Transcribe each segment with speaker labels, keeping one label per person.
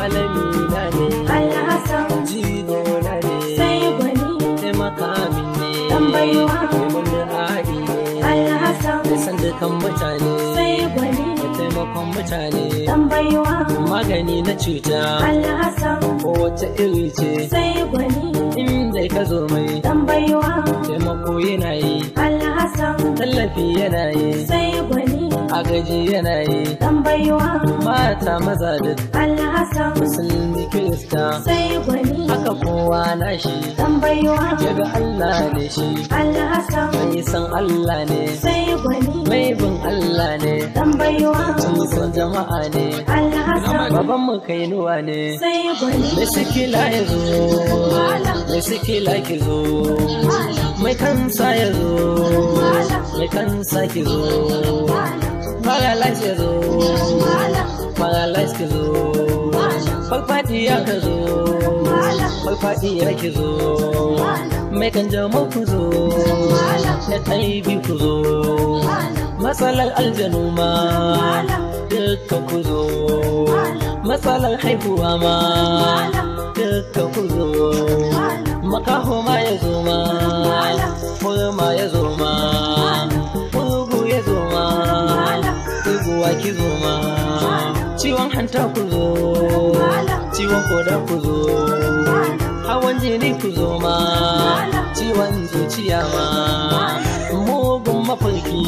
Speaker 1: malami na ne alhassan jigo na ne sai gwani sai makami ne Tambayuwa. mai mummi ahi ne alhassan da sandukan mutane sai gwani da taimakon mutane tambayewa magani na cuta alhassan kowace iri ce sai gwani inda ka zo mai Tambayuwa. taimako yana yi alhassan tallafi yana yi sai gwani a gaji yana yi tambaiwa mata maza da alhassan musulmi kirista sai gwani haka kowa na shi Tambayuwa. daga allah ne shi alhassan mai san allah ne sai gwani mai bin allah ne Tambayuwa. tun jama'a ne alhassan baban mu kai nuwa ne sai gwani mai sikila ya zo mai sikila ki zo mai kansa ya zo mai kansa ki zo paralyze ya zo paralyze ki zo farfadiya ka zo farfadiya ki zo mai kan jama ku zo na ɗaibi ku zo matsalar aljanu ma duka ku zo matsalar haihuwa ma duka ku zo makaho ma ya zo ma ma ya zo ma buwa ki zo ma ciwon hanta ku zo ciwon koda ku zo hawan jini ku zo ma ciwon zuciya ma mugun mafarki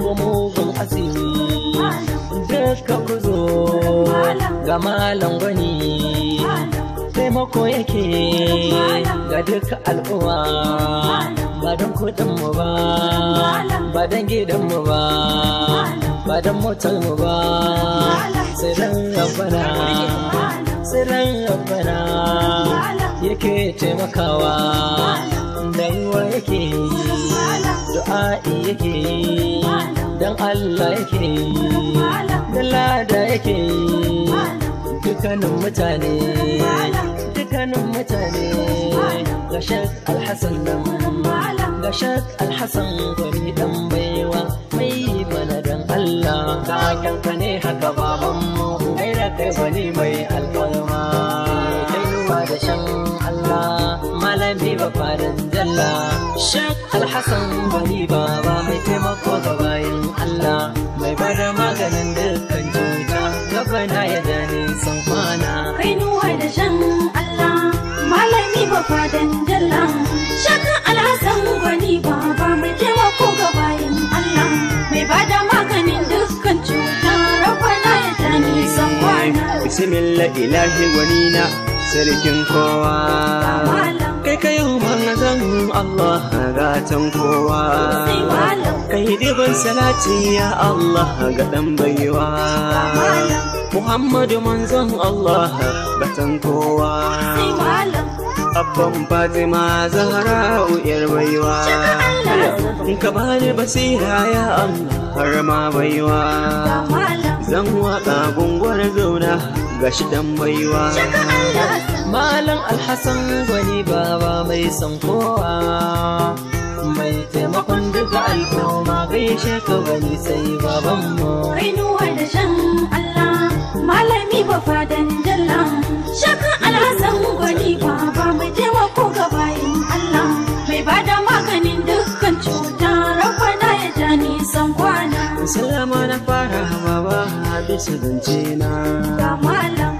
Speaker 1: ko mugun asiri duka ku zo ga malam gwani taimako yake ga duka al'umma ba don kudinmu ba ba don gidanmu ba ba don motar mu ba tsirin rabbana tsirin rabbana yake taimakawa danwa yake yi du'a'i yake yi don Allah yake yi da lada yake yi dukkanin mutane dukkanin mutane ga shak alhassan nan ga alhassan gwani dan baiwa mai Allah taken ka ne haka baban mu gaira kai bane mai alƙalma kaiwa da shan Allah malami ba farin dalla shak alhasan bani baba mai taimako ga bayan Allah mai bada maganin dukkan cuta
Speaker 2: gabana ya dani san kwana kaiwa da shan
Speaker 3: ibrahim bismillah ilahi wanina sarkin kowa kai kai manzan allah gatan kowa kai diban salati ya allah ga dan baiwa muhammadu manzan allah tan kowa abban fatima zahara uyar baiwa ka bani basira ya allah har ma baiwa zan waka gungwar zauna ga shi dan baiwa
Speaker 1: malam alhassan gwani baba mai son kowa mai taimakon duka
Speaker 2: al'umma gaishe ka gani sai baban mu kainuwar da shan allah malami ba fadan jalla shakan alhassan gwani baba mai taimako gaba
Speaker 3: su zance na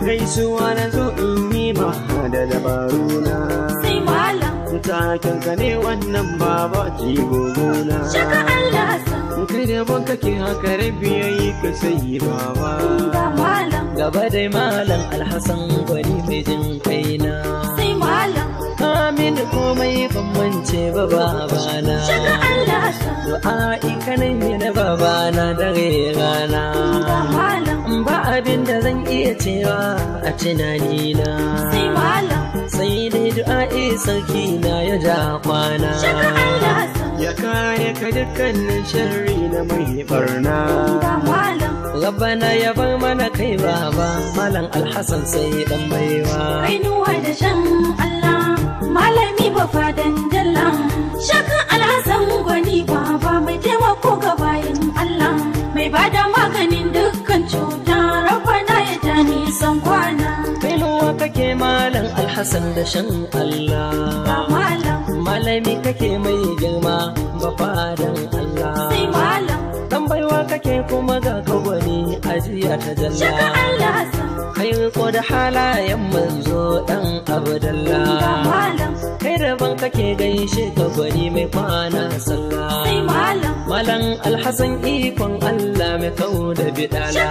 Speaker 3: gaisuwa na zo in yi ba da dabaru na sai malam taken ka ne wannan baba jigo gona shaka Allah san
Speaker 1: kai da ban kake haka rabi yayi ka
Speaker 3: sai baba ga malam
Speaker 1: gaba dai malam alhasan gwani mai jin kaina sai malam amin komai ban mance ba babana shaka Allah san du'a ikanin ne na babana da rana ga
Speaker 2: malam
Speaker 4: ba
Speaker 1: abin da zan iya cewa a tunani na sai malam sai dai du'a, sarki na ya ja kwana
Speaker 3: ya kare ka
Speaker 1: dukkanin sharri na mai barna rabbana ya bar mana kai baba malam alhassan sai dan baiwa nuwa da
Speaker 2: shan allah malami ba fadan jalla shakan alhassan gwani baba mai taimako ga bayan allah mai bada maganin duk malam alhassan da shan
Speaker 1: Allah malami kake mai girma ba fadan Allah take kuma ga kawani jiya ta
Speaker 4: jalla
Speaker 1: kai ko da halayen manzo dan abdalla kai daban kake gaishe ka gani mai kwana sallah malam alhasan ikon allah mai kau da bidala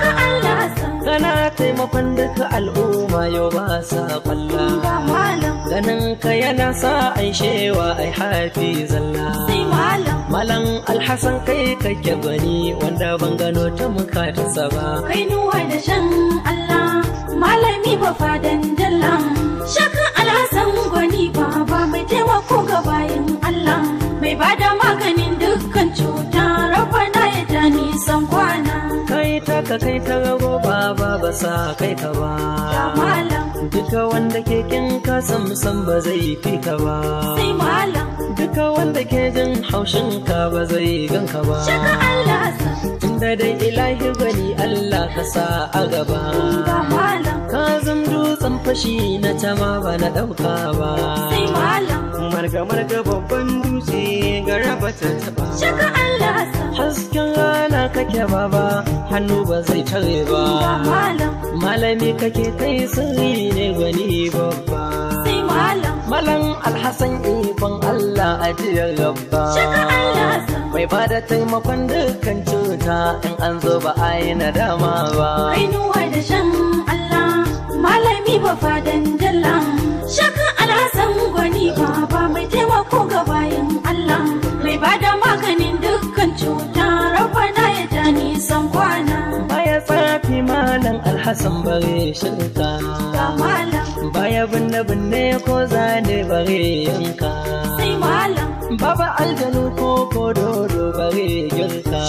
Speaker 1: kana taimakon duka al'umma yau ba sa kwalla ganin ka yana sa ai shewa ai hafi zalla malam alhassan kai kake gwani wanda ban gano ta muka ta saba kai nuwa da
Speaker 2: shan allah malami ba fadan dalla shakan alhassan gwani ba ba mai taimako ga bayan allah mai bada maganin dukkan cuta san kwana kai ta ka kai ta rago baba
Speaker 1: ba sa kai ka ba duka wanda ke kin ka san ba zai fi ka ba sai malam duka wanda ke jin haushin ka ba zai gan ka ba shaka Allah sa tunda dai ilahi gani Allah ka sa a gaba Ba ka zan dutsen fashi na tama ba na dauka ba
Speaker 2: sai malam marga marga babban dutse garaba ta taba shaka Allah
Speaker 1: hasken rana kake baba hannu ba zai tare ba malami kake kai sirri ne gwani babba Sai malam Malam alhassan ikon Allah ajiyar rabba mai ba da taimakon dukkan cuta in an zo ba a yi nadama ba kainuwa
Speaker 2: da shan Allah malami ba fadan jalla shaka alhassan gwani baba, mai taimako gaba ba da maganin dukkan cuta rabana ya ja nisan kwana baya tsafi malam
Speaker 1: alhassan bare shirka baya binne binne ko zane bare yanka sai malam baba aljanu ko kododo bare girka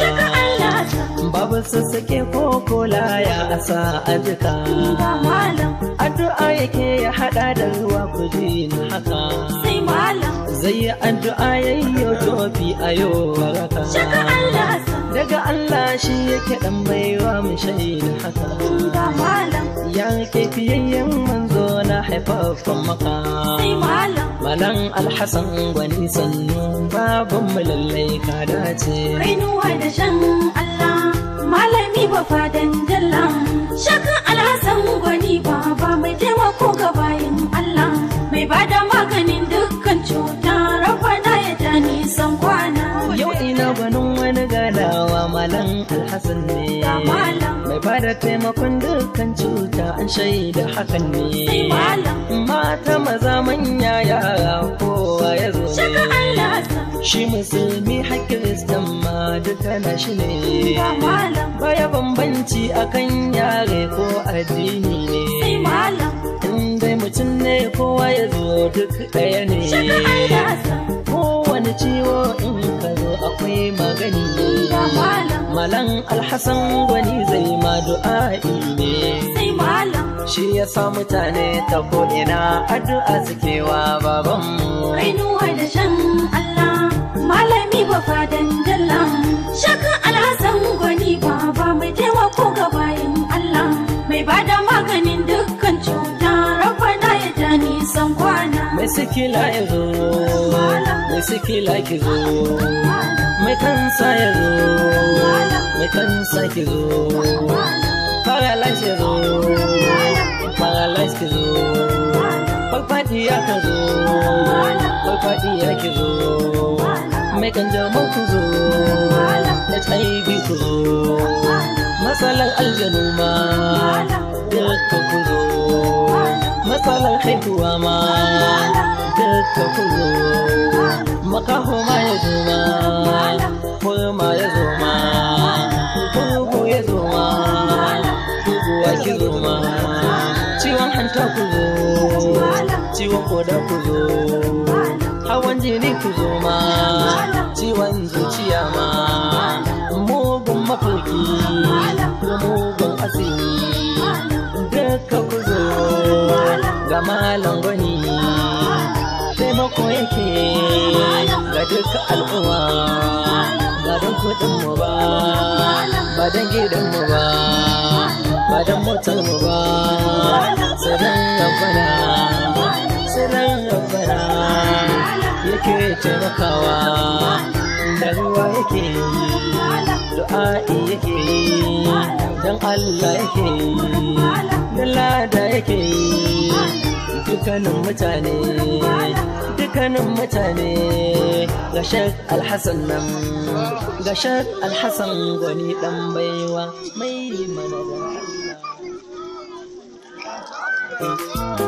Speaker 1: sassake ko kola ya sa a jika. malam. Addu'a yake ya haɗa da ruwa ku ji na haka. Sai malam. Zai yi addu'a ya yi yau tofi a yau waraka. Shaka Allah Daga Allah shi yake ɗan baiwa mu shai na haka.
Speaker 2: Ga malam.
Speaker 1: Ya ke fiyayyen manzo na haifaffen maka. Sai malam. Malam Alhassan gwani sannu babanmu lallai ka dace.
Speaker 2: fadan dallan shaka alhassan gwani baba mai taimako ga bayan allah mai bada maganin dukkan cuta rabana ya da nisan kwana yau ina
Speaker 1: gwanin wani gadawa malam alhassan ne mai bada taimakon dukkan cuta an shaida hakan ne mata maza manya yara kowa ya zo ne shi musulmi hakkiristan ma duka na shi ne baya bambanci akan yare ko addini ne in dai mutum ne kowa ya zo duk ɗaya ne kowane ciwo in ka zo akwai magani malam alhassan gwani zai ma du'a'i ne shi ya sa mutane ta ko ina addu'a suke babanmu
Speaker 2: da shan Allah malami ba fadan dalla shaka alhassan gwani baba mai taimako ga bayan allah mai bada maganin dukkan cuta rabana ya ja nisan kwana mai sikila ya zo mai sikila ki zo mai
Speaker 1: kansa ya zo mai kansa ki zo fara ya zo fara ki zo farfadiya ka zo farfadiya ki zo mai kanjamau ku zo da tsayi biyu ku zo ciwon koda ku zo hawan jini ku zo ma ciwon zuciya ma mugun mafarki da mugun asiri duka ku zo ga malam gwani taimako yake ga duka al'umma ba don kuɗin mu ba ba don gidan mu ba ba don
Speaker 4: motar ba sai don rabbana rarrabara yake taimakawa dalwa yake
Speaker 1: yi du'a'i yake yi dan Allah yake yi dan lada yake yi dukkanin mutane dukkanin mutane ga shek alhassan nan ga shek alhassan gwani dan baiwa mai mana da Thank you.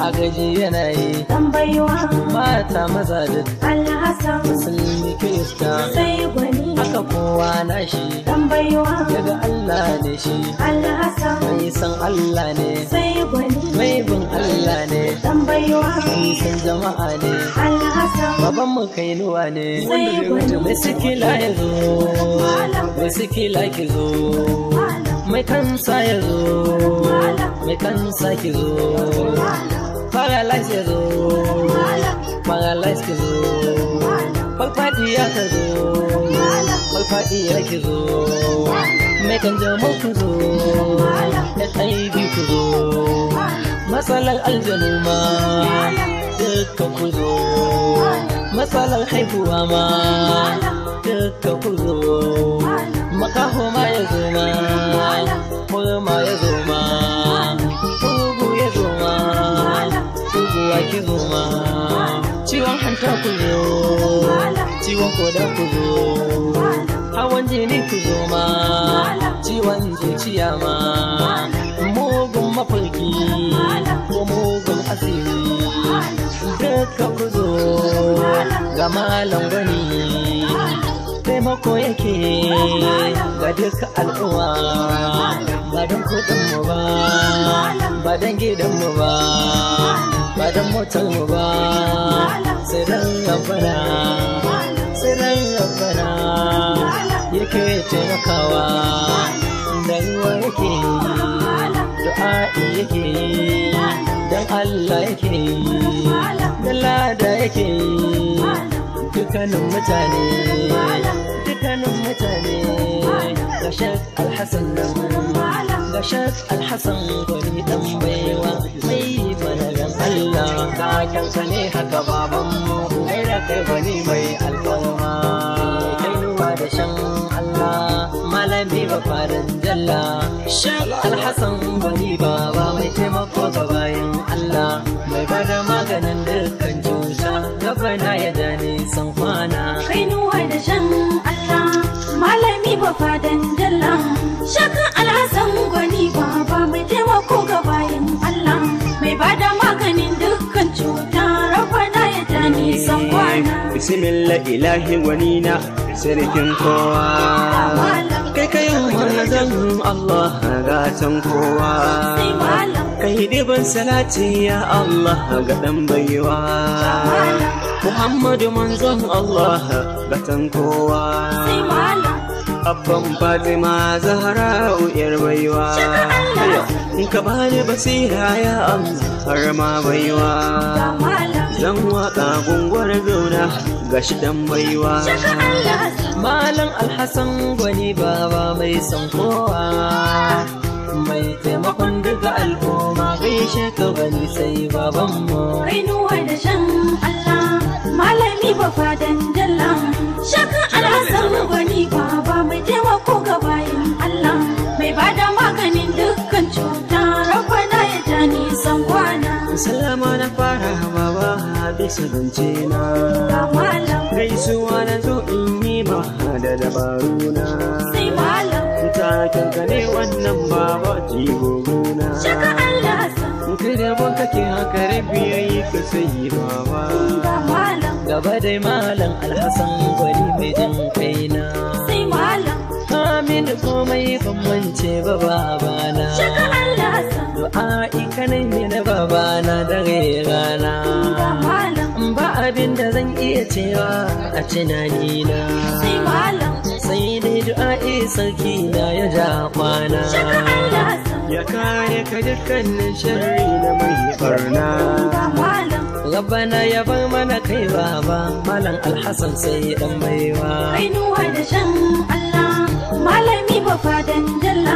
Speaker 1: a gaji yanayi tambayiwa mata maza da alhassan musulmi
Speaker 4: kirista
Speaker 1: sai gwani haka kowa na shi tambayiwa daga Allah ne shi alhassan mai san Allah ne sai gwani mai bin Allah ne tambayiwa mai san jama'a ne alhassan baban mu kainuwa ne sai gwani mai sikila ya zo mai sikila ki zo mai kansa ya zo mai kansa ki zo paralyze ya zo paralyze ki zo farfadiya ka zo farfadiya ki zo mai kan jama ku zo da aibi ku zo matsalar aljanu ma dukkan ku zo matsalar haihuwa ma dukkan ku zo makaho ma ya zo ma ma ya zo ma baki ciwon hanta ku zo ciwon koda ku zo hawan jini ku zo ma ciwon zuciya ma mugun mafarki ko mugun asiri duka ku zo ga malam gani taimako yake ga duka al'uwa ba don kudin ba ba don gidan ba ba don mutum ba tsirin gabana tsirin gabana yake taimakawa rayuwa yake du'a'i yake dan Allah yake dan lada yake dukkanin mutane dukkanin mutane ga shek alhassan nan ga shek alhassan gwani dan baiwa mai Allah kakansa ne haka babanmu mai da kai bane mai alfarma kaiwa da shan Allah malami ba farin jalla shan alhassan bani baba mai taimako ga bayan Allah mai
Speaker 2: bada maganin dukkan cuta gabana ya dane san kwana kainuwa da shan Allah malami ba fadan jalla shaka alhassan gwani baba mai taimako ga bayan da maganin dukkan cuta rabana ya ta
Speaker 3: nisan kwana bismillah ilahi wani na sarkin kowa kai kai manzon Allah gatan kowa kai ɗiban salati ya Allah ga dan baiwa Muhammadu manzon Allah gatan kowa abban fatima zahara yar baiwa in ka bani basira ya amsa har ma baiwa zan waka gungwar zauna gashi dan baiwa
Speaker 1: malam alhassan gwani baba mai son kowa
Speaker 2: mai taimakon duka al'umma bai shaka bani sai babanmu rainuwa da shan Allah malami ba fadan jallan shaka alhassan gwani baba ko ga bayan Allah mai bada maganin dukkan cuta na ya ja nisan kwana sallama na fara baba bisa zance na gaisuwa na zo
Speaker 3: in yi ma da dabaru na sai malam ta ne wannan baba jigo gona shaka Allah kada ban kake haka rabi yayi ka
Speaker 1: sayi baba gaba dai malam alhasan gwani mai jin kaina sai malam mini komai ban mance ba babana du'a'i kanai na babana da
Speaker 2: rana ba
Speaker 1: abin da zan iya cewa a na sai dai du'a'i sarki na ya ja kwana ya kare ka dukkanin sharri na mai barna Rabbana ya bar mana kai baba Malam Alhassan sai dan baiwa
Speaker 2: Ainuwa da shan fadan jalla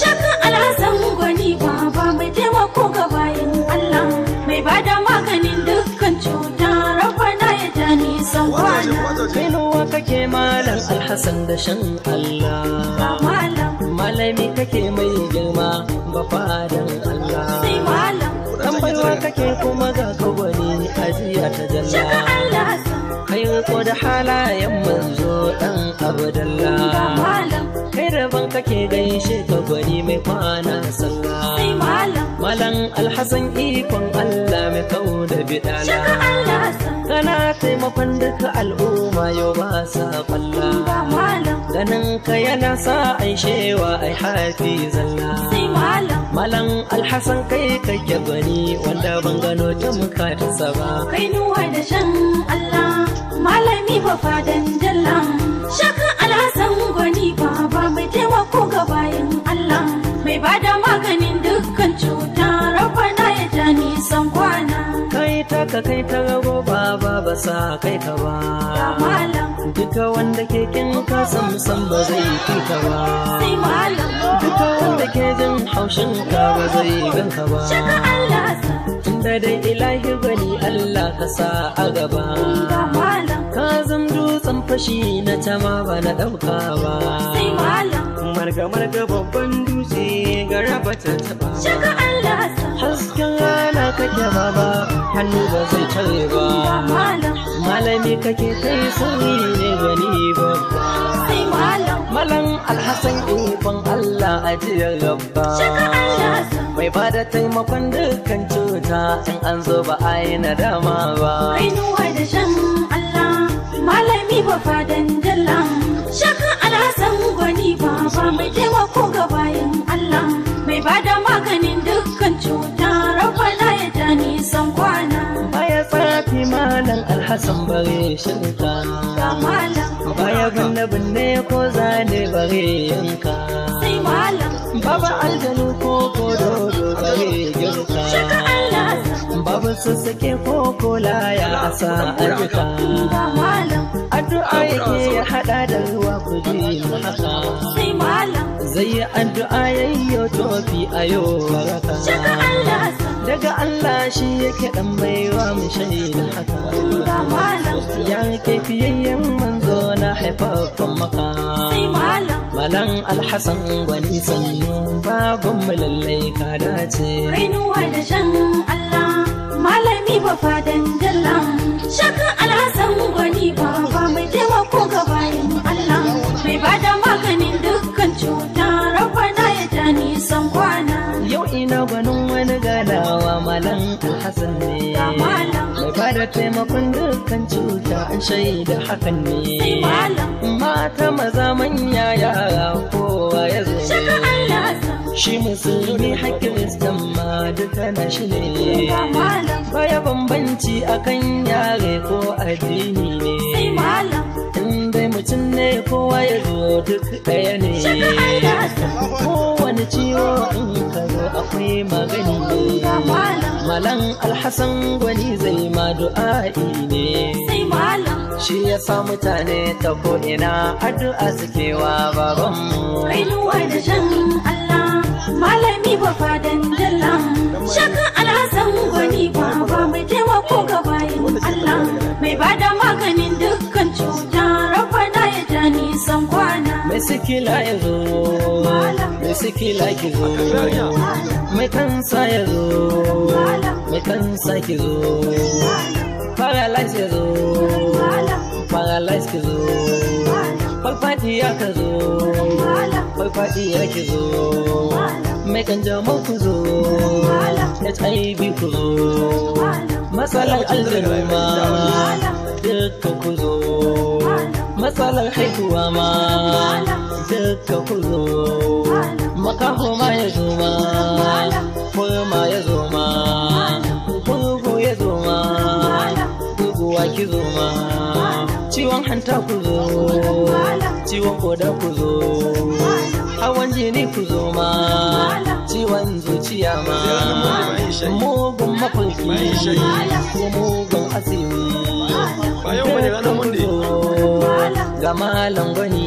Speaker 2: shakka alasan gwani baba mai taimako ga bayan Allah mai bada maganin dukkan cuta rabana ya ja nisan
Speaker 1: kainuwa kake malam alhassan da shan Allah
Speaker 2: malami kake
Speaker 1: mai girma ba fadan Allah Tambayuwa kake kuma ga kawani ajiya ta jalla kai ko da halayen manzo dan abdalla kai ban kake gaishe ka gwani mai kwana sallah malam alhassan ikon allah mai kau da bidala kana taimakon duka al'umma yau ba sa kwalla ka yana sa ai shewa ai hafi zalla malam alhassan kai kake bani wanda ban gano ta muka ta ba
Speaker 2: kai nuwa da shan allah malami ba fadan jalla shakan alhassan gwani ba ba mai taimako ga bayan allah mai bada ka kai ta rago ba ba sa kai ka ba duka
Speaker 1: wanda ke kin ka ba zai kai ka ba duka wanda ke jin haushin ka ba zai gan ka ba tunda dai ilahi bani Allah ka sa a gaba ka zan dutsen fashi na tama ba na dauka ba marga marga ka ba hannu ba zai tare ba malami kake kai sauyi ne gani babba malam alhassan ikon allah jiya rabba mai ba da taimakon dukkan cuta in an zo ba a yi nadama ba rainuwa
Speaker 2: da shan allah malami ba fadan dalla shakan alhassan gwani ba ba mai taimako ga bayan allah mai ba da maganin dukkan cuta rabba na nisan kwana baya tsafi malam alhassan bare shirka
Speaker 1: baya binne binne ko zane bare yanka sai malam baba aljanu ko ko dodo bare girka babu su ko ko laya ya sa aljika addu'a yake ya hada da ruwa kuji haka sai malam zai yi addu'a yayyo tofi a yau waraka daga Allah shi yake dan
Speaker 2: baiwa mu shaida haka
Speaker 1: ya ke fiyayyen manzo na haifafan maka malam Malam Alhasan, gwani sannu babun mu lallai ka dace rainuwa da
Speaker 2: shan Allah malami ba fadan jalla shakan alhasan gwani ba ba mai taimako ga bayan Allah mai bada maganin duk
Speaker 1: taimakon dukkan cuta an shaida hakan ne mata maza manya yara kowa ya zo shi musulmi hakimistan ma duka na shi ne baya bambanci akan yare ko addini ne dai mutum ne kowa ya zo duk ɗaya ne kowane ciwo in ka zo akwai magani malam alhassan gwani zai ma du'a'i ne shi ya sa mutane ta ko ina addu'a suke wa babanmu
Speaker 2: sikila ya zo mai sikila
Speaker 4: ki zo
Speaker 1: mai kansa ya zo mai kansa ki zo paralyze ya zo paralyze ki zo ya ka zo ya ki zo mai kanjamau ku zo hiv ku zo matsalar aljanu ma dukkan ku zo matsalar haihuwa ma duka kuzo makaho ma ya zo ma kurma ya zo ma gurgu ya zo ma gurguwa ki zo ma ciwon hanta ku zo ciwon koda ku zo hawan jini ku zo ma ciwon zuciya ma mugun mafarki ko
Speaker 4: mugun asiri
Speaker 1: ga malam gwani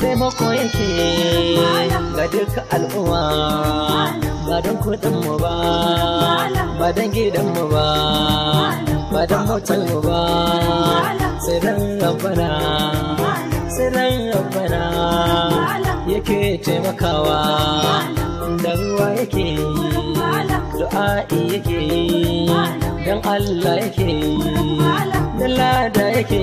Speaker 1: taimako yake ga duk al'umma ba don kudinmu ba ba don gidanmu ba ba don motarmu ba sirrin rabbana sirrin rabbana yake taimakawa da ruwa yake du'a'i yake don Allah yake don lada yake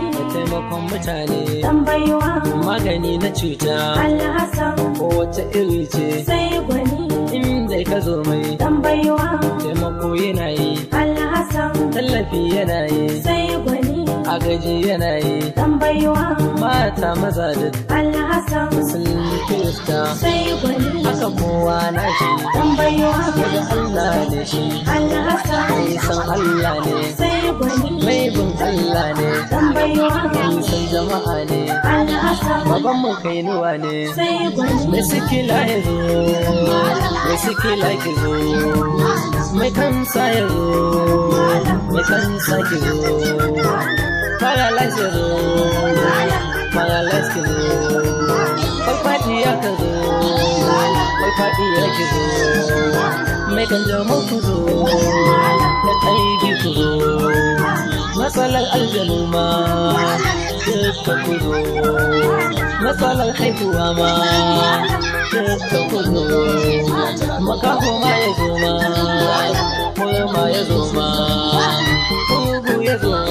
Speaker 1: taimakon mutane tambaiwa magani na cuta
Speaker 2: ko kowace iri ce sai gwani
Speaker 1: inda ka zo mai tambaiwa taimako yana yi alhassan tallafi yana yi sai gwani a gaji yanayi Tambayuwa. mata maza da Sun musulmi kirista sai gwani haka kowa na shi tambaiwa daga allah ne shi alhassan mai san allah ne sai gwani mai bin allah ne tambaiwa mai san jama'a ne alhassan baban mu kainuwa ne sai gwani mai sikila ya zo mai sikila ki zo mai kansa ya zo mai kansa ki zo Falalas ya zo,
Speaker 4: zo, matsalar aljanu ma, dukkan ku zo,
Speaker 1: matsalar haihuwa ma, dukkan ku zo, makaho ma ya zo ma, ma ya zo ma, ya zo ma.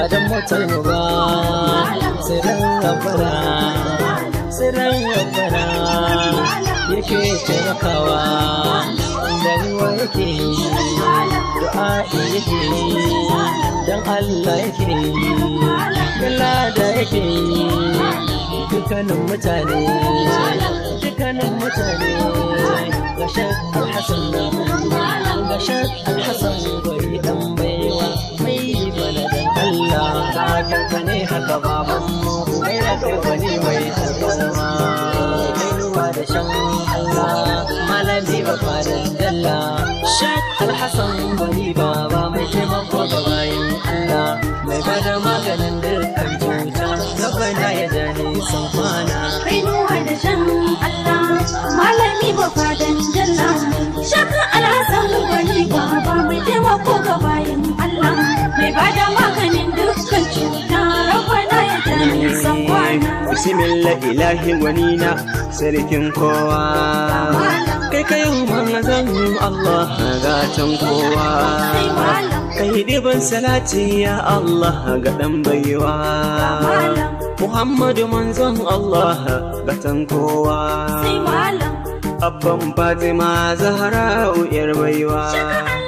Speaker 1: ba don motar mu ba siran rabara siran rabara yake taimakawa da ruwa yake yi du'a'i yake yi don Allah yake yi da yake yi dukkanin mutane dukkanin mutane ga shakka hasan ga shakka hasan gwari dan bai Allah gatan ka ne haka baban mu mai rafe bane mai tsarkuma kainuwa da shan Allah malami ba fadan dalla shak alhasan bani baba mai taimako ga bayan
Speaker 3: bismillah ilahi wanina sarkin kowa kai kai manzan Allah gatan kowa kai diban salati ya Allah ga dan baiwa Muhammadu manzon Allah gatan kowa Abban Fatima Zahra uyar baiwa